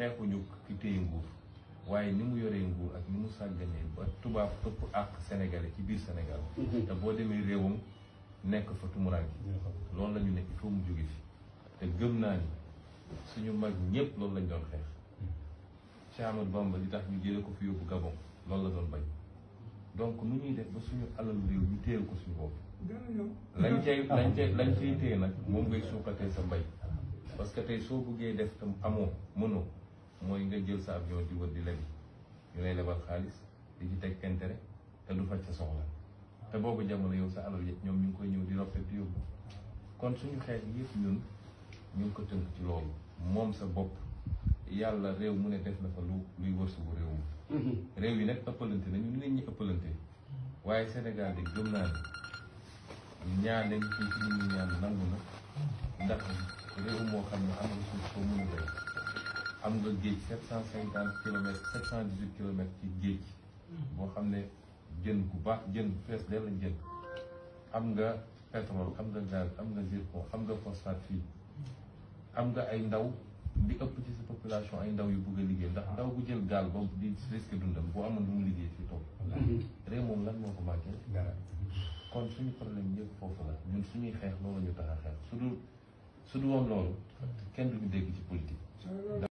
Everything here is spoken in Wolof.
xeexuñu ki téye nguur waaye ni mu yoree nguur ak ni mu sàgganee ba tubaab ëpp ak sénégalais ci biir senegal mhm. te boo demee réewam nekk fa tumuraanke mhm. loolu la ñu nekk il mu jóge fi te gëm naa ni suñu mag ñëpp loolu lañ doon xeex mhm. Cheikh Ahmadou Bamba tax ñu jëlee ko fi yóbbu Gabon loolu la doon bañ donc nu ñuy def ba suñu alal réew ñu téyel ko suñu bopp lañ cay lañ cay lañ cay téye nag moom ngay suuxatee sa mbay parce que tey soo bëggee def tam amoo mënoo mooy nga jël sa avion di wër di lebi ñu lay lebal xaalis di ci teg intérêt te du faj sa soxla te boobu jamono yow sa alal yëpp ñoom ñu ngi koy ñëw di roppet di kon suñu xeet yëpp ñun ñu ngi ko tënk ci loolu moom sa bopp yàlla réew mu ne def na fa lu luy wërsëgu réew mi mm-hmm. réew yi nag ëppalante nañu nit ñi ëppalante waaye Sénégal de gëm naa ne ñaan lañ fii ci ñu ñaan nangu na ndax réew moo xam ne am na suuf soo mën am nga géej sept cent cinquante kilomètres sept cent dix huit kilomètres ci géej hmm. boo xam ne jën gu baax jën bu fees dell lañ am nga pétrole am nga gaz am nga zircon am nga phosphate fii hmm. am nga ay ndaw li ëpp ci sa population ay ndaw yu bëgg a liggéey ndax ndaw bu jël gaal ba di risque dundam boo amoon lu mu liggéey fii toog hmm. réew moom lan moo ko manqué kon suñu problème yëpp foofu la ñun suñuy xeex loolu ñu tax a xeex su dul su dul woon loolu kenn duñu dégg ci politique